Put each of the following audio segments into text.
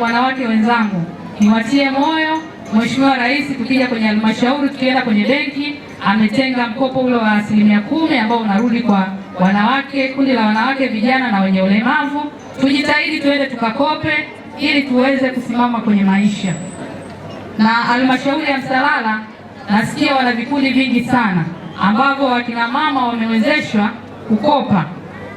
wanawake wenzangu, niwatie moyo Mheshimiwa Rais, tukija kwenye halmashauri, tukienda kwenye benki, ametenga mkopo ule wa asilimia kumi ambao unarudi kwa wanawake, kundi la wanawake, vijana na wenye ulemavu. Tujitahidi tuende tukakope ili tuweze kusimama kwenye maisha. Na halmashauri ya Msalala nasikia wana vikundi vingi sana ambavyo wakina mama wamewezeshwa kukopa,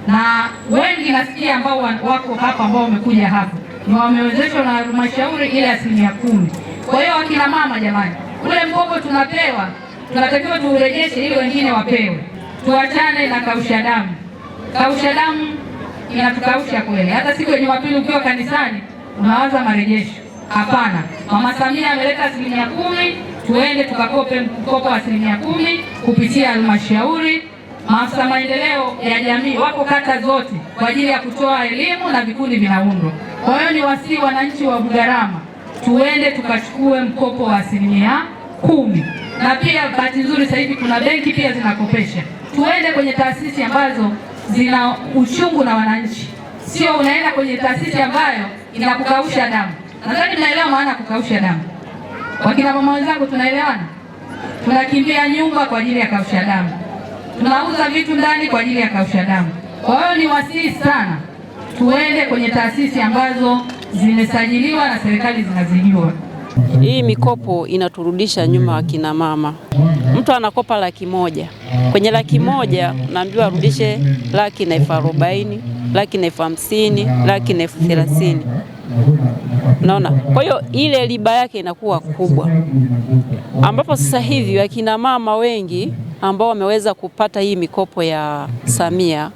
na wengi nasikia ambao wako hapa ambao wamekuja hapa wamewezeshwa na halmashauri ile asilimia kumi. Kwa hiyo wakina mama, jamani, ule mkopo tunapewa tunatakiwa tuurejeshe ili wengine wapewe. Tuachane na kausha damu. Kausha damu inatukausha kweli. Hata siku ya Jumapili ukiwa kanisani unawaza marejesho. Hapana, Mama Samia ameleta asilimia kumi, tuende tukakope mkopo wa asilimia kumi kupitia halmashauri maafisa maendeleo ya jamii wako kata zote kwa ajili ya kutoa elimu na vikundi vinaundwa. Kwa hiyo ni wasii wananchi wa Bugarama tuende tukachukue mkopo wa asilimia kumi, na pia bahati nzuri sasa hivi kuna benki pia zinakopesha. Tuende kwenye taasisi ambazo zina uchungu na wananchi, sio unaenda kwenye taasisi ambayo inakukausha damu. Nadhani mnaelewa maana kukausha damu, wakina mama wenzangu, tunaelewana. Tunakimbia nyumba kwa ajili ya kausha damu tunauza vitu ndani kwa ajili ya kausha damu. Kwa hiyo ni wasihi sana tuende kwenye taasisi ambazo zimesajiliwa na serikali zinazijua. Hii mikopo inaturudisha nyuma wakina mama. Mtu anakopa laki moja, kwenye laki moja naambiwa arudishe laki na elfu arobaini, laki na elfu hamsini, laki na elfu thelathini. Naona, kwa hiyo ile riba yake inakuwa kubwa, ambapo sasa hivi wakina mama wengi ambao wameweza kupata hii mikopo ya Samia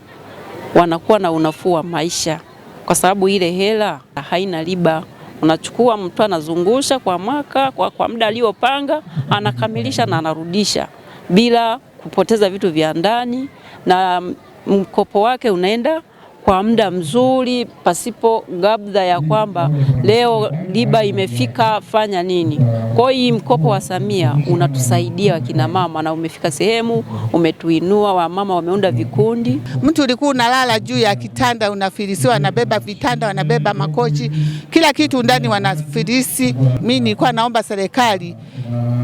wanakuwa na unafuu wa maisha, kwa sababu ile hela haina riba. Unachukua mtu anazungusha kwa mwaka kwa, kwa muda aliopanga anakamilisha na anarudisha bila kupoteza vitu vya ndani na mkopo wake unaenda kwa muda mzuri pasipo gabdha ya kwamba leo riba imefika fanya nini. Kwa hiyo mkopo wa Samia unatusaidia wakina mama na umefika sehemu, umetuinua wamama, wameunda vikundi. Mtu ulikuwa unalala juu ya kitanda, unafilisiwa, wanabeba vitanda, wanabeba makochi, kila kitu ndani wanafilisi. Mimi nilikuwa naomba serikali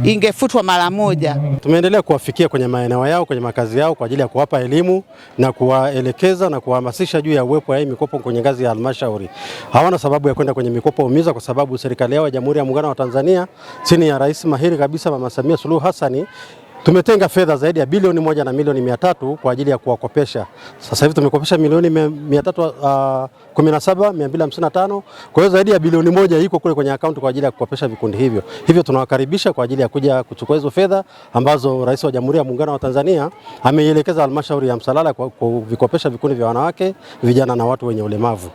ingefutwa mara moja. Tumeendelea kuwafikia kwenye maeneo yao, kwenye makazi yao kwa ajili ya kuwapa elimu na kuwaelekeza na kuwahamasisha juu ya uwepo wa mikopo kwenye ngazi ya halmashauri hawana sababu ya kwenda kwenye mikopo umiza, kwa sababu serikali yao ya Jamhuri ya Muungano wa Tanzania chini ya Rais mahiri kabisa Mama Samia Suluhu Hassani Tumetenga fedha zaidi ya bilioni moja na milioni mia tatu kwa ajili ya kuwakopesha. Sasa hivi tumekopesha milioni mia tatu uh, kumi na saba mia mbili hamsini na tano. Kwa hiyo zaidi ya bilioni moja iko kule kwenye akaunti kwa ajili ya kukopesha vikundi hivyo. Hivyo tunawakaribisha kwa ajili ya kuja kuchukua hizo fedha ambazo Rais wa Jamhuri ya Muungano wa Tanzania ameielekeza halmashauri ya Msalala kwa kuvikopesha vikundi vya wanawake, vijana na watu wenye ulemavu.